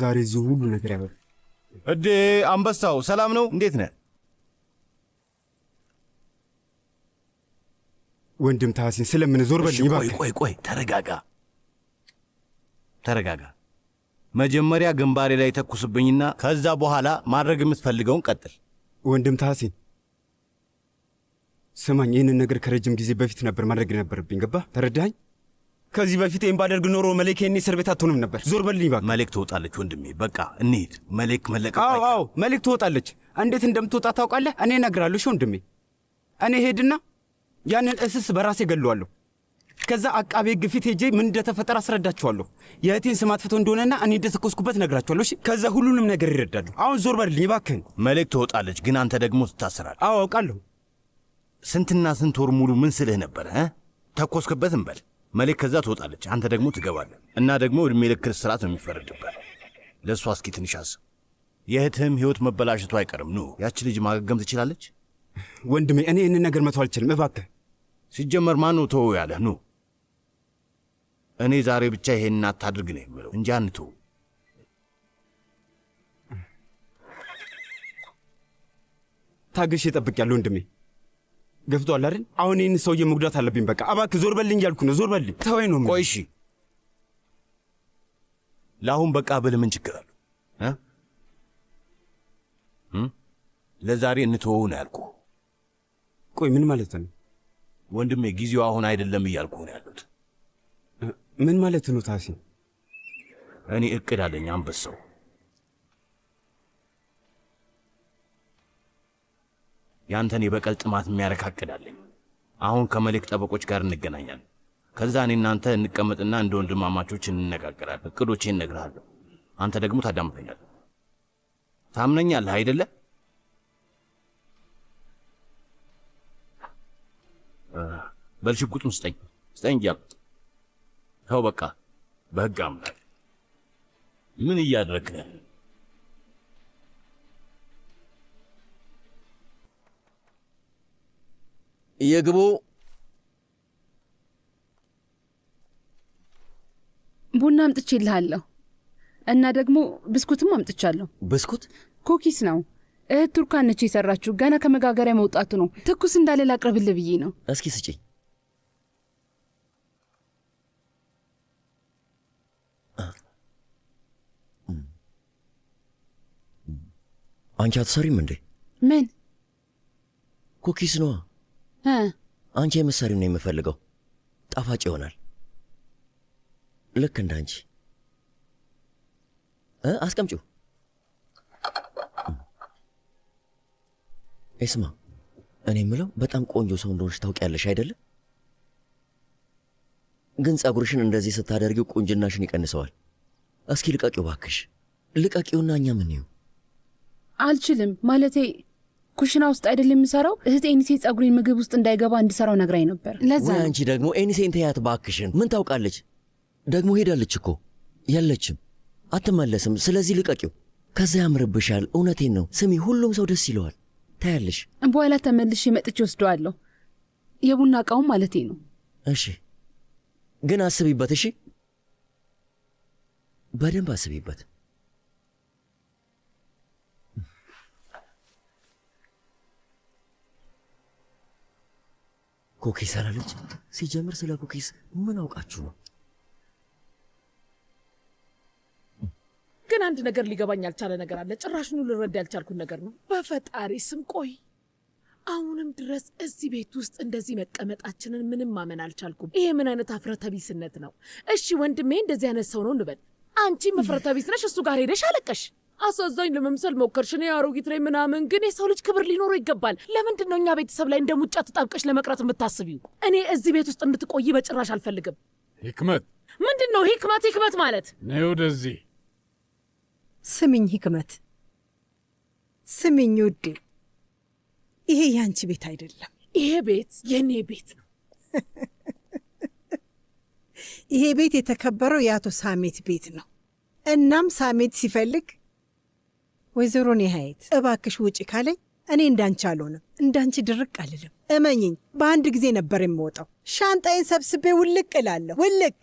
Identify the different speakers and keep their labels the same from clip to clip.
Speaker 1: ዛሬ እዚህ ሁሉ ነገር ያመ
Speaker 2: እዴ አንበሳው፣ ሰላም ነው? እንዴት ነ
Speaker 1: ወንድም ታሲን ስለምን ዞር በል። ቆይ
Speaker 2: ቆይ ቆይ፣ ተረጋጋ ተረጋጋ። መጀመሪያ ግንባሬ ላይ ተኩስብኝና ከዛ በኋላ ማድረግ የምትፈልገውን ቀጥል።
Speaker 1: ወንድም ታሲን ስማኝ፣ ይህንን ነገር ከረጅም ጊዜ በፊት ነበር ማድረግ ነበረብኝ። ገባ? ተረዳኝ ከዚህ በፊት ይህን ባደርግ ኖሮ መሌክ የኔ እስር ቤት አትሆንም ነበር። ዞር በልኝ እባክህ።
Speaker 2: መሌክ ትወጣለች ወንድሜ፣ በቃ እንሂድ። መሌክ መለቀቅ።
Speaker 1: አዎ አዎ፣ መሌክ ትወጣለች። እንዴት እንደምትወጣ ታውቃለህ? እኔ እነግርሃለሁ። ወንድሜ፣ እኔ ሄድና ያንን እስስ በራሴ ገለዋለሁ። ከዛ አቃቤ ሕግ ፊት ሄጄ ምን እንደተፈጠረ አስረዳችኋለሁ። የእህቴን ስም አጥፍቶ እንደሆነና እኔ እንደተኮስኩበት እነግራችኋለሁ። ከዛ ሁሉንም ነገር ይረዳሉ። አሁን ዞር በልኝ እባክህን።
Speaker 2: መሌክ ትወጣለች፣ ግን አንተ ደግሞ ትታሰራለህ። አዎ አውቃለሁ። ስንትና ስንት ወር ሙሉ ምን ስልህ ነበር? ተኮስክበት እንበል መሌክ ከዛ ትወጣለች፣ አንተ ደግሞ ትገባለ እና ደግሞ እድሜ ልክ ስርዓት ነው የሚፈረድበት። ለእሷ እስኪ ትንሽ አስብ። የእህትህም ህይወት መበላሸቱ አይቀርም። ኑ ያች ልጅ ማገገም ትችላለች።
Speaker 1: ወንድሜ እኔ ይህንን ነገር መቶ አልችልም፣ እባክህ።
Speaker 2: ሲጀመር ማኑ ነው ያለህ? ኑ እኔ ዛሬ ብቻ ይሄንን አታድርግ ነው የምለው እንጂ አንተው
Speaker 1: ታግሽ ይጠብቅ ያለ ወንድሜ ገብቷል አይደል? አሁን ይህን ሰውዬ መጉዳት አለብኝ። በቃ እባክህ ዞር በልኝ እያልኩ ነው። ዞር በልኝ
Speaker 2: ተወኝ ነው። ቆይ እሺ፣ ለአሁን በቃ ብል ምን ችግር አለው? ለዛሬ እንትወው ነው ያልኩ።
Speaker 1: ቆይ ምን ማለት ነው
Speaker 2: ወንድሜ? ጊዜው አሁን አይደለም እያልኩ ነው ያሉት።
Speaker 1: ምን ማለት ነው ታሲ?
Speaker 2: እኔ እቅድ አለኝ አንበሳው ያንተን የበቀል ጥማት የሚያረካቅዳለኝ። አሁን ከመልክ ጠበቆች ጋር እንገናኛለን። ከዛ እኔ እናንተ እንቀመጥና እንደ ወንድማማቾች እንነጋገራለን። እቅዶቼ እነግርሃለሁ፣ አንተ ደግሞ ታዳምተኛለህ። ታምነኛለህ አይደለ? በልሽጉጥም ስጠኝ ስጠኝ እያልኩት ተው በቃ በህግ አምናለሁ። ምን እያደረግህ የግቡ
Speaker 3: ቡና አምጥቼልሃለሁ እና ደግሞ ብስኩትም አምጥቻለሁ። ብስኩት ኩኪስ ነው። እህት ቱርካን ነች የሰራችሁ። ገና ከመጋገሪያ መውጣቱ ነው። ትኩስ እንዳለ ላቅርብልህ ብዬ ነው።
Speaker 2: እስኪ ስጪኝ። አንቺ አትሰሪም እንዴ? ምን ኩኪስ ነዋ። አንቺ የምትሰሪው ነው የምፈልገው። ጣፋጭ ይሆናል። ልክ እንደ አንቺ አስቀምጪው። ኤስማ፣ እኔ የምለው በጣም ቆንጆ ሰው እንደሆንሽ ታውቂያለሽ አይደለ? ግን ጸጉርሽን እንደዚህ ስታደርጊው ቁንጅናሽን ይቀንሰዋል። እስኪ ልቀቂው ባክሽ፣ ልቀቂውና እኛ ምን ይሁ
Speaker 3: አልችልም ማለቴ ኩሽና ውስጥ አይደል የምሰራው? እህት ኤኒሴ ጸጉሬን ምግብ ውስጥ እንዳይገባ እንድሰራው ነግራኝ ነበር።
Speaker 2: ለዛ አንቺ ደግሞ ኤኒሴን ተያት ባክሽን። ምን ታውቃለች? ደግሞ ሄዳለች እኮ የለችም፣ አትመለስም። ስለዚህ ልቀቂው። ከዛ ያምርብሻል። እውነቴን ነው። ስሚ፣ ሁሉም ሰው ደስ ይለዋል። ታያለሽ።
Speaker 3: በኋላ ተመልሼ መጥቼ ወስደዋለሁ። የቡና እቃውም ማለቴ ነው።
Speaker 2: እሺ፣ ግን አስቢበት። እሺ፣ በደንብ አስቢበት። ኩኪስ አላለች። ሲጀምር ስለ ኩኪስ ምን አውቃችሁ ነው?
Speaker 3: ግን አንድ ነገር ሊገባኝ ያልቻለ ነገር አለ። ጭራሽኑ ልረዳ ያልቻልኩት ነገር ነው። በፈጣሪ ስም ቆይ፣ አሁንም ድረስ እዚህ ቤት ውስጥ እንደዚህ መቀመጣችንን ምንም ማመን አልቻልኩም። ይሄ ምን አይነት አፍረተቢስነት ነው? እሺ ወንድሜ እንደዚህ አይነት ሰው ነው እንበል፣ አንቺ መፍረተቢስ ነሽ። እሱ ጋር ሄደሽ አለቀሽ። አሳዛኝ ለመምሰል ሞከርሽ። እኔ አሮጊት ነኝ ምናምን፣ ግን የሰው ልጅ ክብር ሊኖረው ይገባል። ለምንድን ነው እኛ ቤተሰብ ላይ እንደ ሙጫ ተጣብቀሽ ለመቅረት የምታስቢው? እኔ እዚህ ቤት ውስጥ እንድትቆይ በጭራሽ አልፈልግም። ህክመት ምንድን ነው ህክመት? ህክመት ማለት
Speaker 4: ነይ ወደዚህ።
Speaker 5: ስሚኝ ህክመት፣ ስሚኝ ውዴ፣ ይሄ የአንቺ ቤት አይደለም።
Speaker 3: ይሄ ቤት የእኔ ቤት ነው።
Speaker 5: ይሄ ቤት የተከበረው የአቶ ሳሜት ቤት ነው። እናም ሳሜት ሲፈልግ ወይዘሮ ኔሀየት እባክሽ ውጪ ካለኝ እኔ እንዳንቺ አልሆንም፣ እንዳንቺ ድርቅ አልልም። እመኝኝ፣ በአንድ ጊዜ ነበር የምወጣው። ሻንጣዬን ሰብስቤ ውልቅ እላለሁ። ውልቅ።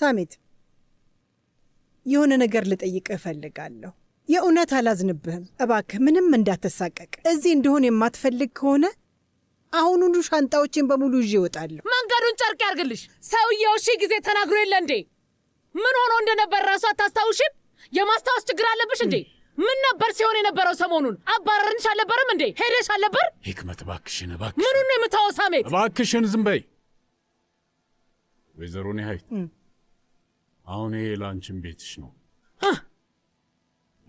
Speaker 5: ሳሜት፣ የሆነ ነገር ልጠይቅህ እፈልጋለሁ። የእውነት አላዝንብህም። እባክህ ምንም እንዳትሳቀቅ። እዚህ እንደሆን የማትፈልግ ከሆነ ሁሉ ሻንጣዎችን በሙሉ ይዤ እወጣለሁ።
Speaker 3: መንገዱን ጨርቅ ያርግልሽ። ሰውየው ሺ ጊዜ ተናግሮ የለ እንዴ? ምን ሆኖ እንደነበር ራሱ አታስታውሽም? የማስታወስ ችግር አለብሽ እንዴ? ምን ነበር ሲሆን የነበረው ሰሞኑን? አባረርንሽ አልነበረም እንዴ? ሄደሽ አልነበር?
Speaker 4: ሂክመት እባክሽን፣ እባክሽን
Speaker 3: ምኑን ነው የምታወሳ? ሜት
Speaker 4: እባክሽን ዝም በይ። ወይዘሮ ኒሀይት አሁን ይሄ ለአንቺን ቤትሽ ነው።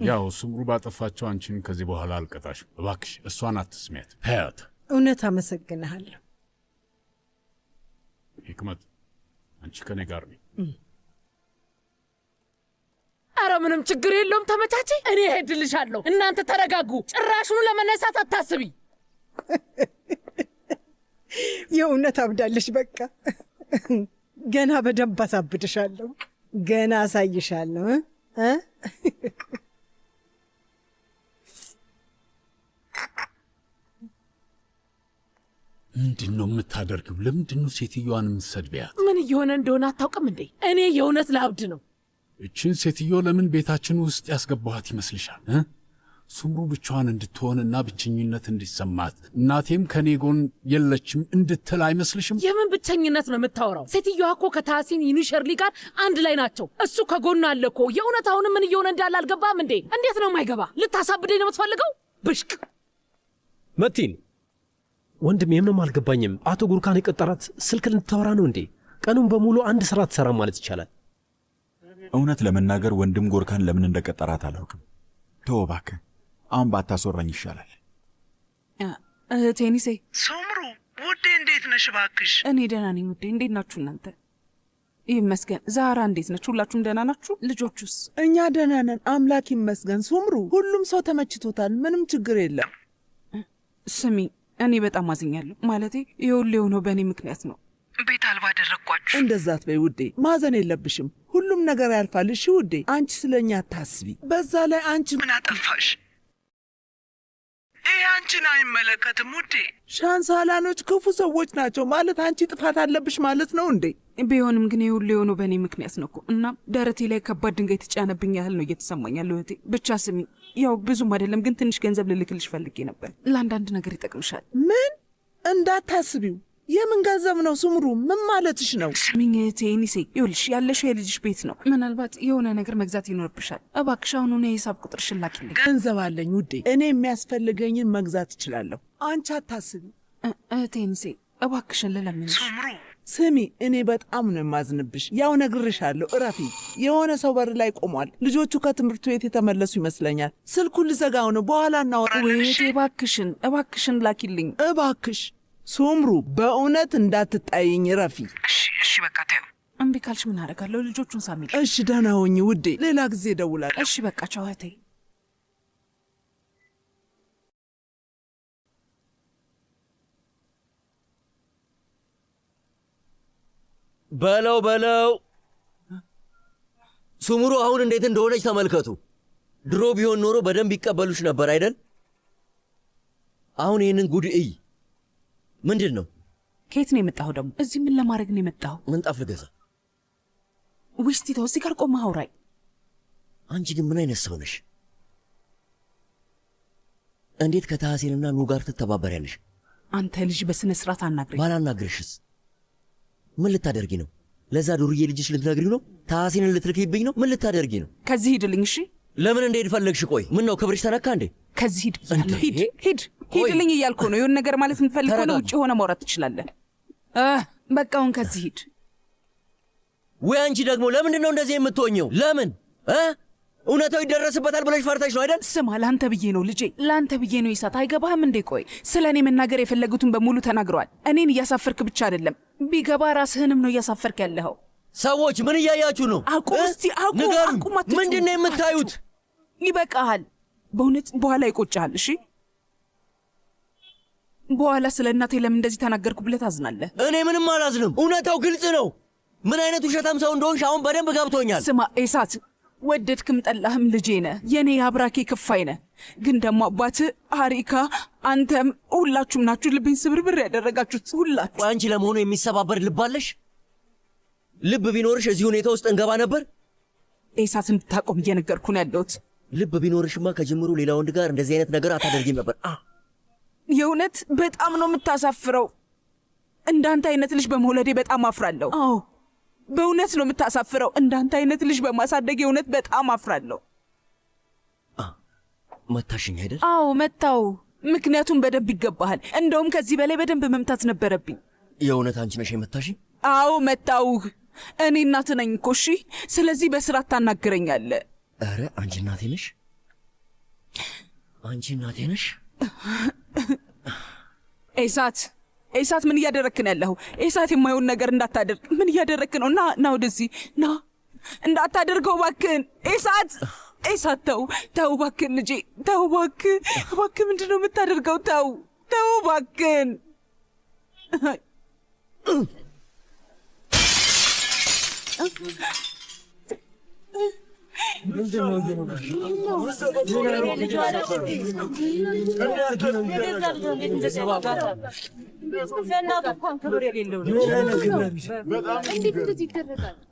Speaker 4: ያው ስምሩ ባጠፋቸው አንቺን ከዚህ በኋላ አልቀጣሽም። እባክሽ እሷን አትስሚያት ሀያት።
Speaker 5: እውነት አመሰግንሃለሁ
Speaker 4: ሂክመት። አንቺ ከኔ ጋር ነኝ።
Speaker 3: ምንም ችግር የለውም ተመቻቼ፣ እኔ ሄድልሻለሁ። እናንተ ተረጋጉ። ጭራሹኑ ለመነሳት አታስቢ።
Speaker 5: የእውነት አብዳለሽ። በቃ ገና በደንብ አሳብድሻለሁ። ገና አሳይሻለሁ።
Speaker 4: ምንድን ነው የምታደርጊው? ለምንድን ነው ሴትዮዋን የምትሰድቢያት?
Speaker 3: ምን እየሆነ እንደሆነ አታውቅም እንዴ? እኔ የእውነት ለአብድ ነው
Speaker 4: እችን ሴትዮ ለምን ቤታችን ውስጥ ያስገባኋት ይመስልሻል? ስምሩ ብቻዋን እንድትሆንና ብቸኝነት እንዲሰማት እናቴም ከኔ ጎን የለችም እንድትል አይመስልሽም?
Speaker 3: የምን ብቸኝነት ነው የምታወራው? ሴትዮዋ እኮ ከታሲን ይኑሸርሊ ጋር አንድ ላይ ናቸው። እሱ ከጎን አለ እኮ። የእውነት አሁንም ምን እየሆነ እንዳለ አልገባም እንዴ? እንዴት ነው የማይገባ? ልታሳብደኝ ነው የምትፈልገው? ብሽቅ
Speaker 2: መቲን ወንድም፣ የምንም አልገባኝም። አቶ ጉርካን የቀጠራት ስልክ ልታወራ ነው እንዴ? ቀኑን በሙሉ አንድ ስራ ትሰራ ማለት ይቻላል።
Speaker 1: እውነት ለመናገር ወንድም ጎርካን ለምን እንደቀጠራት አላውቅም። ተወው እባክህ፣ አሁን ባታስወራኝ ይሻላል።
Speaker 3: እህቴኒሴ ሶምሩ ውዴ፣ እንዴት ነሽ? እባክሽ እኔ ደህና ነኝ ውዴ። እንዴት ናችሁ እናንተ? ይመስገን። ዛራ እንዴት ነች? ሁላችሁም ደህና ናችሁ? ልጆቹስ?
Speaker 5: እኛ ደህና ነን፣ አምላክ ይመስገን። ሶምሩ፣ ሁሉም ሰው ተመችቶታል፣ ምንም ችግር የለም።
Speaker 3: ስሚ፣ እኔ በጣም አዝኛለሁ። ማለቴ የሁሌ የሆነው በእኔ ምክንያት ነው። ቤት አልባ አደረግኳችሁ።
Speaker 5: እንደዛት በይ ውዴ፣ ማዘን የለብሽም ሁሉም ነገር ያልፋል። እሺ ውዴ፣ አንቺ ስለኛ አታስቢ። በዛ ላይ አንቺ
Speaker 3: ምን አጠፋሽ? ይህ አንቺን አይመለከትም ውዴ።
Speaker 5: ሻንሳላኖች ክፉ ሰዎች ናቸው ማለት አንቺ ጥፋት አለብሽ ማለት ነው እንዴ?
Speaker 3: ቢሆንም ግን የሁሉ የሆነው በእኔ ምክንያት ነው እኮ እና ደረቴ ላይ ከባድ ድንጋይ የተጫነብኝ ያህል ነው እየተሰማኝ ያለው እህቴ። ብቻ ስሚ፣ ያው ብዙም አይደለም ግን ትንሽ ገንዘብ ልልክልሽ ፈልጌ ነበር። ለአንዳንድ ነገር ይጠቅምሻል።
Speaker 5: ምን እንዳታስቢው የምን ገንዘብ ነው ስምሩ? ምን ማለትሽ ነው?
Speaker 3: ስሚኝ እህቴ ኒሴ፣ ይኸውልሽ ያለሽው የልጅሽ ቤት ነው። ምናልባት የሆነ ነገር መግዛት ይኖርብሻል። እባክሽ አሁኑን የሂሳብ ቁጥር ሽላኪልኝ።
Speaker 5: ገንዘብ አለኝ ውዴ፣ እኔ የሚያስፈልገኝን መግዛት እችላለሁ። አንቺ አታስቢ
Speaker 3: እህቴ ኒሴ፣ እባክሽን ልለምንሽ።
Speaker 5: ስሚ እኔ በጣም ነው የማዝንብሽ። ያው ነግርሻለሁ፣ እረፊ። የሆነ ሰው በር ላይ ቆሟል። ልጆቹ ከትምህርት ቤት የተመለሱ ይመስለኛል። ስልኩን ልዘጋው ነው፣ በኋላ እናወራ።
Speaker 3: እባክሽን፣ እባክሽን ላኪልኝ፣
Speaker 5: እባክሽ ሱምሩ በእውነት እንዳትጣይኝ ረፊ።
Speaker 3: እሺ፣ እሺ፣ በቃ ተይው። እምቢ ካልሽ ምን አደርጋለሁ? ልጆቹን ሳሚል።
Speaker 5: እሺ፣ ደህና ውዴ፣ ሌላ ጊዜ እደውላለሁ።
Speaker 3: እሺ፣ በቃ ቻው እህቴ።
Speaker 2: በለው በለው፣ ሱምሩ አሁን እንዴት እንደሆነች ተመልከቱ። ድሮ ቢሆን ኖሮ በደንብ ይቀበሉሽ ነበር አይደል? አሁን ይህንን ጉድ እይ። ምንድን ነው?
Speaker 3: ከየት ነው የመጣሁ ደግሞ? እዚህ ምን ለማድረግ ነው የመጣሁ? ምንጣፍ ልገዛ። ውስቲ ተው፣ እዚህ ጋር ቆመህ አውራኝ።
Speaker 2: አንቺ ግን ምን አይነት ሰው ነሽ? እንዴት ከታሐሴንና ኑ ጋር ትተባበሪያለሽ?
Speaker 3: አንተ ልጅ በስነ ስርዓት አናግረኝ።
Speaker 2: ባላናግርሽስ ምን ልታደርጊ ነው? ለዛ ዱርዬ ልጅሽ ልትነግሪው ነው? ታሐሴንን ልትልክይብኝ ነው? ምን ልታደርጊ ነው?
Speaker 3: ከዚህ ሂድልኝ እሺ።
Speaker 2: ለምን እንደሄድ ፈለግሽ? ቆይ ምን ነው ክብርሽ ተነካ እንዴ?
Speaker 3: ከዚህ ሂድ ሂድ ሂድ ሂድልኝ እያልኩ ነው። የሆነ ነገር ማለት የምትፈልግ ከሆነ ውጭ የሆነ ማውራት ትችላለን። በቃውን ከዚህ ሂድ።
Speaker 2: ወይ አንቺ ደግሞ ለምንድን ነው እንደዚህ የምትሆኘው? ለምን እውነታው ይደረስበታል ብለሽ ፈርተሽ ነው አይደል?
Speaker 3: ስማ፣ ለአንተ ብዬ ነው ልጄ፣ ለአንተ ብዬ ነው ይሳት። አይገባህም እንዴ? ቆይ ስለ እኔ መናገር የፈለጉትን በሙሉ ተናግረዋል። እኔን እያሳፈርክ ብቻ አይደለም ቢገባ ራስህንም ነው እያሳፈርክ ያለኸው።
Speaker 2: ሰዎች ምን እያያችሁ ነው?
Speaker 3: አቁም እስቲ አቁም፣ ንገሩኝ።
Speaker 2: ምንድን ነው የምታዩት?
Speaker 3: ይበቃሃል። በእውነት በኋላ ይቆጭሃል። እሺ በኋላ ስለ እናቴ ለምን እንደዚህ ተናገርኩ ብለህ ታዝናለህ።
Speaker 2: እኔ ምንም አላዝንም። እውነታው ግልጽ ነው። ምን አይነት ውሸታም ሰው እንደሆንሽ አሁን በደንብ ገብቶኛል።
Speaker 3: ስማ ኤሳት፣ ወደድክም ጠላህም ልጄ ነህ፣ የእኔ የአብራኬ ክፋይ ነህ። ግን ደግሞ አባት አሪካ፣ አንተም ሁላችሁም ናችሁ ልቤን ስብርብር ያደረጋችሁት ሁላችሁ።
Speaker 2: አንቺ ለመሆኑ የሚሰባበር ልባለሽ ልብ ቢኖርሽ እዚህ ሁኔታ ውስጥ እንገባ ነበር።
Speaker 3: ኢሳት እንድታቆም እየነገርኩ ነው ያለሁት።
Speaker 2: ልብ ቢኖርሽማ ከጅምሩ ሌላ ወንድ ጋር እንደዚህ አይነት ነገር አታደርጊም ነበር።
Speaker 3: የእውነት በጣም ነው የምታሳፍረው። እንዳንተ አይነት ልጅ በመውለዴ በጣም አፍራለሁ። አዎ በእውነት ነው የምታሳፍረው። እንዳንተ አይነት ልጅ በማሳደግ የእውነት በጣም አፍራለሁ።
Speaker 2: መታሽኝ አይደል?
Speaker 3: አዎ መታው። ምክንያቱም በደንብ ይገባሃል። እንደውም ከዚህ በላይ በደንብ መምታት ነበረብኝ።
Speaker 2: የእውነት አንቺ ነሽ የመታሽኝ?
Speaker 3: አዎ መጣውህ። እኔ እናት ነኝ እኮ እሺ። ስለዚህ በስራ ታናግረኛለህ።
Speaker 2: ኧረ አንቺ እናቴ ነሽ፣ አንቺ እናቴ ነሽ።
Speaker 3: ኤሳት ኤሳት፣ ምን እያደረግክ ነው ያለኸው? ኤሳት የማይሆን ነገር እንዳታደርግ። ምን እያደረግክ ነው? ና ና፣ ወደዚህ ና። እንዳታደርገው እባክህን። ኤሳት ኤሳት፣ ተው ተው፣ እባክህን ልጄ፣ ተው እባክህ፣ እባክህ። ምንድን ነው የምታደርገው? ተው ተው፣ እባክህን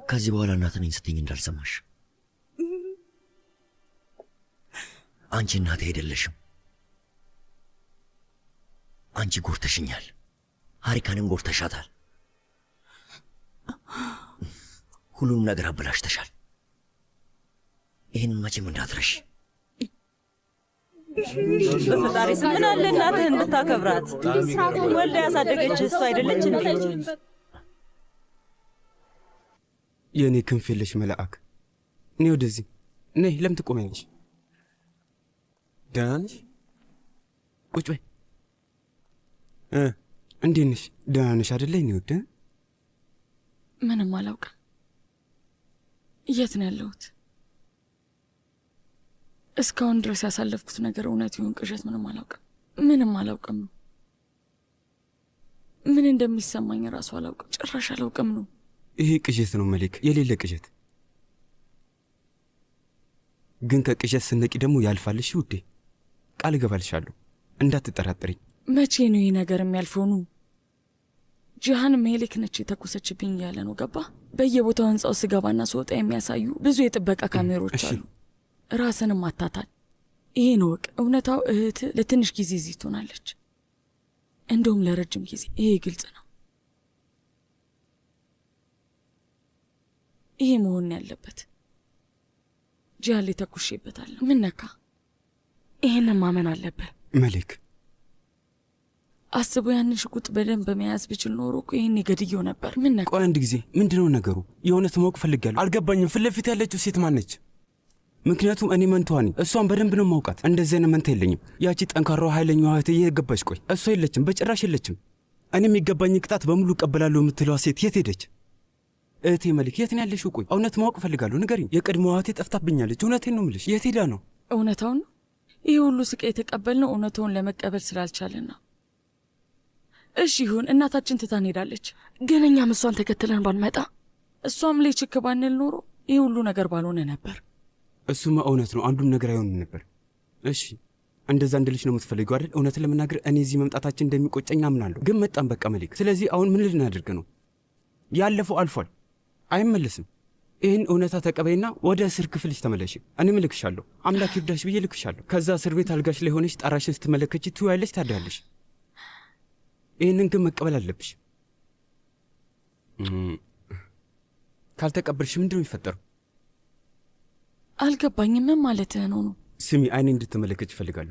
Speaker 2: ከዚህ በኋላ እናት ነኝ ስትኝ እንዳልሰማሽ። አንቺ እናቴ አይደለሽም። አንቺ ጎርተሽኛል፣ ሀሪካንም ጎርተሻታል። ሁሉንም ነገር አበላሽተሻል። ይህን መቼም እንዳትረሽ።
Speaker 3: በፈጣሪ ስም ምን አለ እናትህ እንድታከብራት ወልዳ ያሳደገች እሱ አይደለች እንዴ?
Speaker 1: የእኔ ክንፍ የለሽ መልአክ፣ እኔ ወደዚህ ነይ። ለምን ትቆሚያለሽ? ደህና ነሽ? ቁጭ በይ። እንዴት ነሽ? ደህና ነሽ አይደለ? እኔ ወደ
Speaker 3: ምንም አላውቅም የት ነው ያለሁት? እስካሁን ድረስ ያሳለፍኩት ነገር እውነት ይሁን ቅዠት ምንም አላውቅም። ምንም አላውቅም ነው። ምን እንደሚሰማኝ እራሱ አላውቅም። ጭራሽ አላውቅም ነው።
Speaker 1: ይሄ ቅዠት ነው መሊክ፣ የሌለ ቅዠት። ግን ከቅዠት ስነቂ ደግሞ ያልፋልሽ ውዴ፣ ቃል እገባልሻለሁ። እንዳትጠራጥሪኝ።
Speaker 3: መቼ ነው ይህ ነገር የሚያልፈው? ጂሃን ሜሌክ ነች የተኮሰችብኝ እያለ ነው ገባ። በየቦታው ህንፃው ስገባና ስወጣ የሚያሳዩ ብዙ የጥበቃ ካሜሮች አሉ። ራስንም አታታል። ይሄ ወቅ። እውነታው እህት ለትንሽ ጊዜ እዚህ ትሆናለች፣ እንደውም ለረጅም ጊዜ። ይሄ ግልጽ ነው። ይሄ መሆን ያለበት። ጂሃን ላይ ተኩሼበታለሁ። ምን ነካ? ይህንን ማመን አለብህ መሌክ። አስቡ ያንን ሽጉጥ በደንብ በመያዝ ብችል ኖሮ እኮ ይህን ገድየው ነበር። ምን ነ
Speaker 1: ቆይ አንድ ጊዜ ምንድነው ነገሩ? የእውነት ማወቅ ፈልጋለሁ አልገባኝም። ፊት ለፊት ያለችው ሴት ማነች? ምክንያቱም እኔ መንተዋ ነኝ። እሷን በደንብ ነው ማውቃት። እንደዚህ አይነት መንታ የለኝም። ያቺ ጠንካራ ኃይለኛ እህቴ የገባች? ቆይ እሷ የለችም፣ በጭራሽ የለችም። እኔ የሚገባኝ ቅጣት በሙሉ እቀበላለሁ የምትለዋ ሴት የት ሄደች? እህቴ መልክ የት ነው ያለሽው? ቆይ እውነት ማወቅ እፈልጋለሁ፣ ንገሪኝ። የቀድሞዋ እህቴ ጠፍታብኛለች። እውነቴን ነው የምልሽ። የት ሄዳ ነው?
Speaker 3: እውነታውን ነው። ይህ ሁሉ ስቃይ የተቀበልነው እውነታውን ለመቀበል ስላልቻለን ነው። እሺ ይሁን፣ እናታችን ትታን ሄዳለች። ግን እኛም እሷን ተከትለን ባንመጣ እሷም ላይ ችክ ባንል ኖሮ ይህ ሁሉ ነገር ባልሆነ ነበር።
Speaker 1: እሱማ እውነት ነው፣ አንዱም ነገር አይሆንም ነበር። እሺ እንደዛ እንድልሽ ነው የምትፈልገው አይደል? እውነትን ለመናገር እኔ እዚህ መምጣታችን እንደሚቆጨኝ አምናለሁ። ግን መጣም በቃ መሊክ። ስለዚህ አሁን ምን ልናደርግ ነው? ያለፈው አልፏል፣ አይመለስም። ይህን እውነታ ተቀበይና ወደ እስር ክፍልሽ ተመለሽ። እኔም እልክሻለሁ፣ አምላክ ይርዳሽ ብዬ ልክሻለሁ። ከዛ እስር ቤት አልጋሽ ላይ ሆነሽ ጣራሽን ስትመለከች ትውያለሽ፣ ታድያለሽ። ይህንን ግን መቀበል አለብሽ። ካልተቀበልሽ ምንድ ነው የሚፈጠሩ
Speaker 3: አልገባኝም። ምን ማለትህ ነው? ነው
Speaker 1: ስሚ፣ አይኔ እንድትመለከች ይፈልጋሉ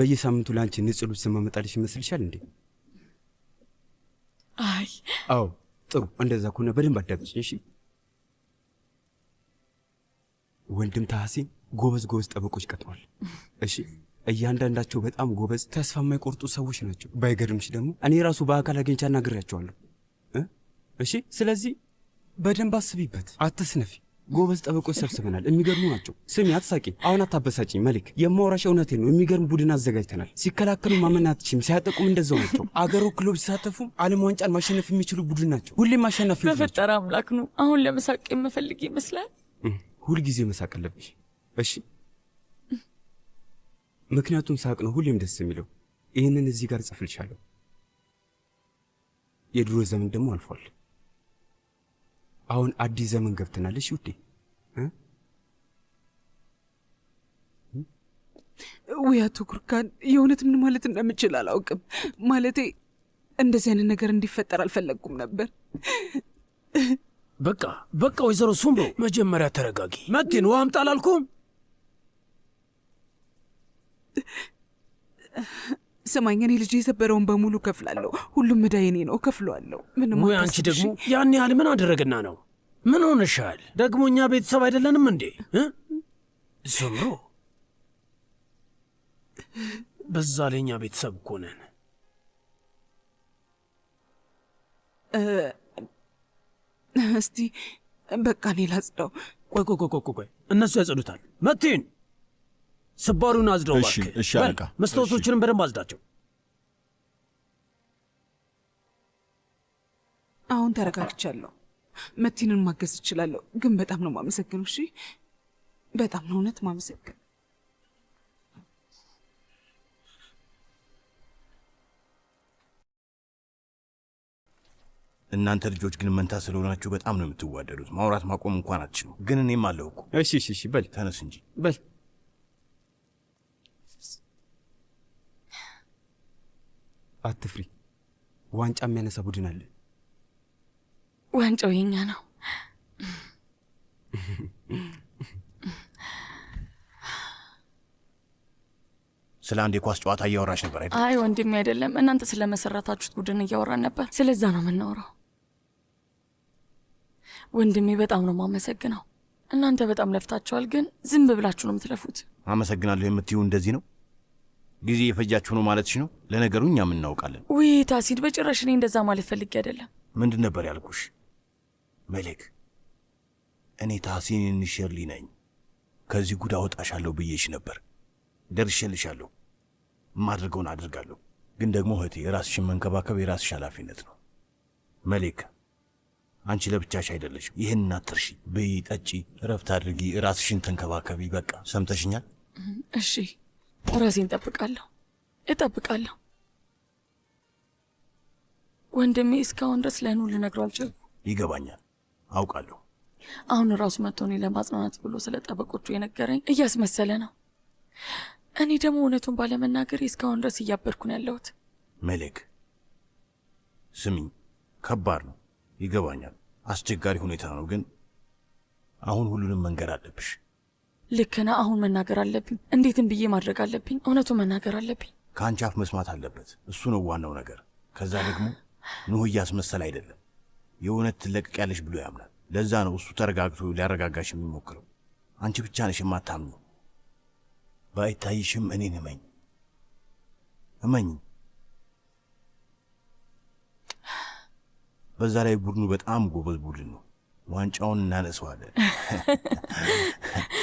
Speaker 1: በየሳምንቱ ለአንቺ ንጽሉ ልብስ ይመስልሻል እንዴ? አይ አዎ፣ ጥሩ። እንደዛ ከሆነ በደንብ አዳምጪኝ እሺ። ወንድም ታሐሴን ጎበዝ ጎበዝ ጠበቆች ቀጥሯል። እሺ እያንዳንዳቸው በጣም ጎበዝ፣ ተስፋ የማይቆርጡ ሰዎች ናቸው። ባይገርምሽ ደግሞ እኔ ራሱ በአካል አግኝቼ አናግሬያቸዋለሁ። እሺ፣ ስለዚህ በደንብ አስቢበት፣ አትስነፊ። ጎበዝ ጠበቆች ሰብስበናል፣ የሚገርሙ ናቸው። ስሚ፣ አትሳቂ፣ አሁን አታበሳጭኝ መሊክ። የማውራሽ እውነቴ ነው። የሚገርም ቡድን አዘጋጅተናል። ሲከላከሉ ማመን አትችም፣ ሲያጠቁም እንደዛው ናቸው። አገሩ ክሎብ ሲሳተፉም ዓለም ዋንጫን ማሸነፍ የሚችሉ ቡድን ናቸው። ሁሌም ማሸነፍ
Speaker 3: በፈጠረ አምላክ ነው። አሁን ለመሳቅ የምፈልግ ይመስላል።
Speaker 1: ሁልጊዜ መሳቅ አለብሽ። እሺ ምክንያቱም ሳቅ ነው ሁሌም ደስ የሚለው። ይህንን እዚህ ጋር ጽፍልሻለሁ። የድሮ ዘመን ደግሞ አልፏል። አሁን አዲስ ዘመን ገብተናለች ውዴ።
Speaker 3: ውይ አቶ ጉርካን የእውነት ምን ማለት እንደምችል አላውቅም። ማለቴ እንደዚህ አይነት ነገር እንዲፈጠር አልፈለግኩም ነበር።
Speaker 2: በቃ በቃ፣ ወይዘሮ ሱምሮ መጀመሪያ ተረጋጊ። መቴን ውሃ አምጣ አላልኩም?
Speaker 3: ሰማኝ፣ እኔ ልጅ የሰበረውን በሙሉ ከፍላለሁ። ሁሉም መዳይኔ የኔ ነው፣ ከፍለዋለሁ። ምንም
Speaker 2: ወይ አንቺ ደግሞ ያን ያህል ምን አደረግና ነው? ምን ሆነሻል ደግሞ? እኛ ቤተሰብ አይደለንም እንዴ? ዝምሮ በዛ ላይ እኛ ቤተሰብ እኮ ነን።
Speaker 3: እስቲ በቃ እኔ ላጽዳው።
Speaker 2: ቆይ ቆይ ቆይ ቆይ፣ እነሱ ያጸዱታል። መቴን ስባሪውን አዝደው መስታወቶችንም በደንብ አዝዳቸው።
Speaker 3: አሁን ተረጋግቻለሁ። መቲንን ማገዝ እችላለሁ። ግን በጣም ነው ማመሰግነው። እሺ፣ በጣም ነው እውነት ማመሰግን።
Speaker 2: እናንተ ልጆች ግን መንታ ስለሆናችሁ በጣም ነው የምትዋደዱት። ማውራት ማቆም እንኳን አትችሉም። ግን እኔም አለሁ እኮ።
Speaker 1: እሺ፣ እሺ፣ በል ተነስ እንጂ በል አትፍሪ። ዋንጫ የሚያነሳ ቡድን አለ።
Speaker 3: ዋንጫው የኛ ነው።
Speaker 2: ስለ አንድ የኳስ ጨዋታ እያወራሽ ነበር አይደል?
Speaker 3: አይ ወንድሜ አይደለም፣ እናንተ ስለ መሰረታችሁት ቡድን እያወራን ነበር። ስለዛ ነው የምናወራው። ወንድሜ በጣም ነው የማመሰግነው። እናንተ በጣም ለፍታችኋል፣ ግን ዝም ብላችሁ ነው የምትለፉት።
Speaker 2: አመሰግናለሁ የምትዩ እንደዚህ ነው ጊዜ የፈጃችሁ ነው ማለትሽ ነው? ለነገሩ እኛም እናውቃለን።
Speaker 3: ውይ ታሲድ፣ በጭራሽ እኔ እንደዛ ማለት ፈልጌ አይደለም።
Speaker 2: ምንድን ነበር ያልኩሽ? መሌክ እኔ ታሲን ሸርሊ ነኝ። ከዚህ ጉድ አወጣሻለሁ ብዬሽ ነበር። ደርሼልሻለሁ። ማድርገውን አድርጋለሁ። ግን ደግሞ እህቴ፣ የራስሽን መንከባከብ የራስሽ ኃላፊነት ነው። መሌክ አንቺ ለብቻሽ አይደለሽም። ይህን አትርሺ። ብይ፣ ጠጪ፣ እረፍት አድርጊ፣ ራስሽን ተንከባከቢ። በቃ ሰምተሽኛል?
Speaker 3: እሺ ራሴን እጠብቃለሁ እጠብቃለሁ። ወንድሜ እስካሁን ድረስ ለኑ ልነግረው አልችልም።
Speaker 2: ይገባኛል፣ አውቃለሁ።
Speaker 3: አሁን ራሱ መጥቶ እኔ ለማጽናናት ብሎ ስለ ጠበቆቹ የነገረኝ እያስመሰለ ነው። እኔ ደግሞ እውነቱን ባለመናገር እስካሁን ድረስ እያበድኩ ነው ያለሁት።
Speaker 2: መልክ ስሚኝ፣ ከባድ ነው ይገባኛል። አስቸጋሪ ሁኔታ ነው፣ ግን አሁን ሁሉንም መንገድ አለብሽ።
Speaker 3: ልክና አሁን መናገር አለብኝ። እንዴትም ብዬ ማድረግ አለብኝ። እውነቱ መናገር አለብኝ።
Speaker 2: ከአንቺ አፍ መስማት አለበት። እሱ ነው ዋናው ነገር። ከዛ ደግሞ ኑህ እያስመሰል አይደለም፣ የእውነት ትለቅቂያለሽ ብሎ ያምናል። ለዛ ነው እሱ ተረጋግቶ ሊያረጋጋሽ የሚሞክረው። አንቺ ብቻ ነሽ የማታምኑ። ባይታይሽም እኔን እመኝ፣ እመኝ። በዛ ላይ ቡድኑ በጣም ጎበዝ ቡድን ነው። ዋንጫውን እናነሰዋለን።